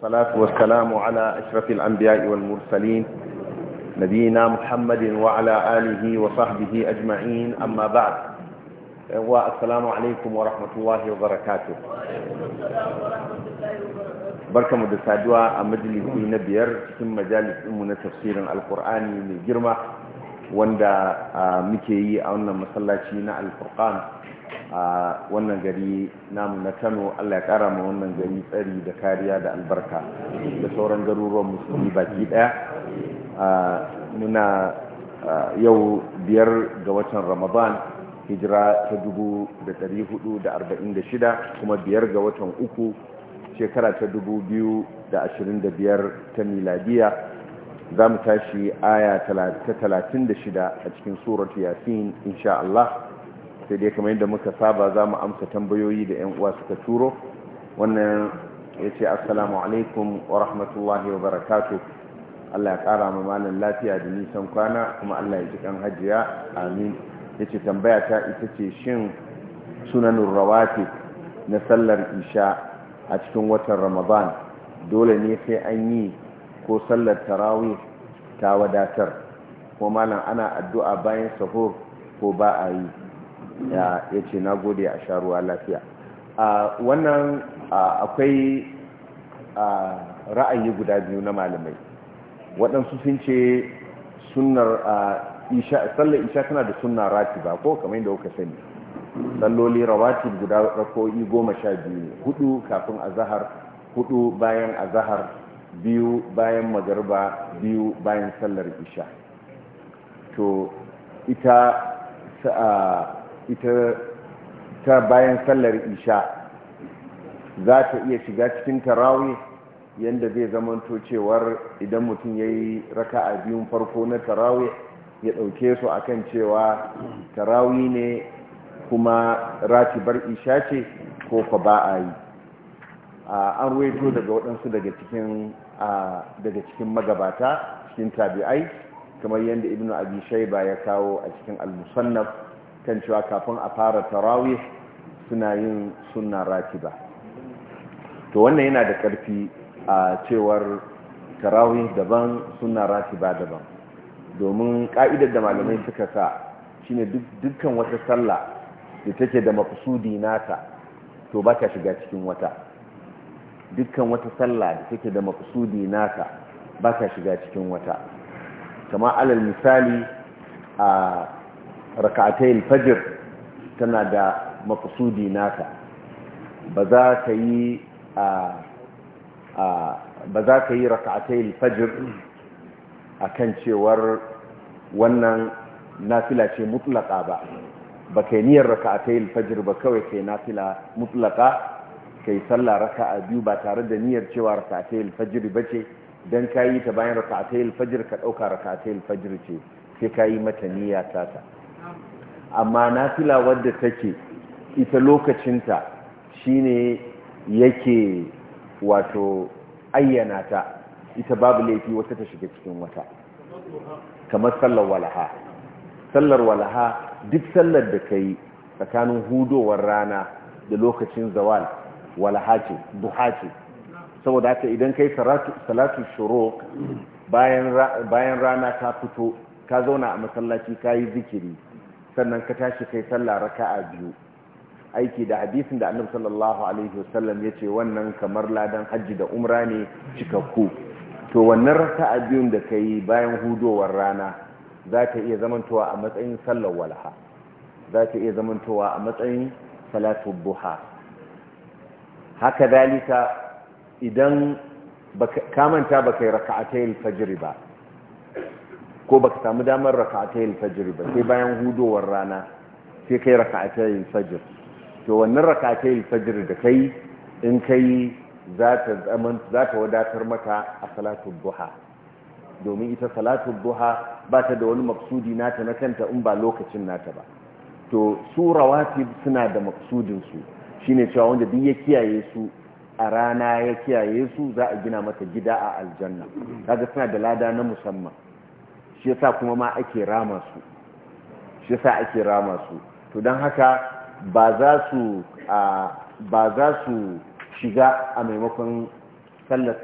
والصلاة والسلام على أشرف الأنبياء والمرسلين نبينا محمد وعلى آله وصحبه أجمعين أما بعد والسلام عليكم ورحمة الله وبركاته بركة مدسادوا مجلس نبير ثم مجالس أمنا تفسير القرآن من جرمة wanda muke yi a wannan masallaci na alfurqan a wannan gari namu na kano allah ya kara ma wannan gari tsari da kariya da albarka da sauran garuruwan musulmi baki daya muna yau biyar ga watan ramadan hijira ta dubu da dari hudu da arba'in da shida kuma biyar ga watan uku shekara ta dubu biyu da ashirin da biyar ta miladiya za mu tashi aya ta talatin da shida a cikin surat yasin insha Allah sai dai kamar yadda muka saba za mu amsa tambayoyi da 'yan uwa suka turo wannan ya ce assalamu alaikum wa rahmatullahi wa barakatu allah ya kara ma malam lafiya da nisan kwana kuma allah ya ji kan hajiya amin ya ce tambaya ta ita ce shin sunan rawati na sallar isha a cikin watan ramadan dole ne sai an yi ko sallar tarawi ta wadatar kuma malam ana addu'a bayan sahur ko ba a yi ya ce na gode a sha ruwa lafiya wannan akwai ra'ayi guda biyu na malamai waɗansu sun ce sunnar sallar isha tana da rati ba ko kamar yadda kuka sani salloli rawati guda rako'i goma sha biyu hudu kafin azahar hudu bayan azahar biyu bayan magarba biyu bayan sallar isha to ita ita ta bayan sallar isha za ta iya shiga cikin tarawi yadda zai zamanto cewar idan mutum ya yi raka a biyun farko na tarawi ya dauke su akan cewa tarawi ne kuma ratibar isha ce ko fa ba a yi an ruwaito daga waɗansu daga cikin daga cikin magabata cikin tabi'ai kamar yadda ibnu abi shaiba ya kawo a cikin al-musannaf kan cewa kafin a fara tarawih suna yin suna ratiba to wannan yana da ƙarfi a cewar tarawih daban suna ratiba daban domin ka'idar da malamai suka sa shine dukkan wata sallah da take da maqsudi nata to ba ta shiga cikin wata dukkan wata sallah da take da maqsudi nata ba ta shiga cikin wata kama alal misali a raka'atayil fajr tana da makusudi naka ba za ka yi a ba za ka yi fajr akan cewar wannan nafila ce mutlaka ba ba kai niyyar raka'atayil fajr ba kawai kai nafila mutlaka kai sallah raka'a biyu ba tare da niyar cewa ba fajr bace dan kayi ta bayan raka'atayil fajr ka dauka raka'atayil fajr ce sai ka yi mata niyya tata amma na fila wadda take ita lokacinta shine yake wato ayyana ta ita babu laifi wata ta shiga cikin wata kamar sallar walaha sallar walaha duk sallar da ka yi tsakanin hudowar rana da lokacin zawal walaha ce duha ce saboda haka idan ka yi salatu shuro bayan rana ta fito ka zauna a masallaci ka yi zikiri sannan ka tashi kai sallah raka'a biyu aiki da hadisin da annabi sallallahu alaihi wasallam yace wannan kamar ladan hajji da umra ne cikakku to wannan raka'a biyun da kai bayan hudowar rana za iya zamantowa a matsayin sallar walha za iya zamantowa a matsayin salatu buha haka dalika idan kamanta ba kai raka'atai fajiri ba ko baka samu damar raka'atayil fajr ba sai bayan hudowar rana sai kai raka'atayil fajr to wannan raka'atayil fajr da kai in kai za ta wadatar mata a salatul duha domin ita salatul buha ba ta da wani maksudi nata na kanta in ba lokacin nata ba to su rawatib suna da maksudin su shine cewa wanda duk ya kiyaye su a rana ya kiyaye su za a gina mata gida a aljanna kaga suna da lada na musamman shi yasa kuma ma ake rama su shi yasa ake rama su to don haka ba za su shiga a maimakon sallar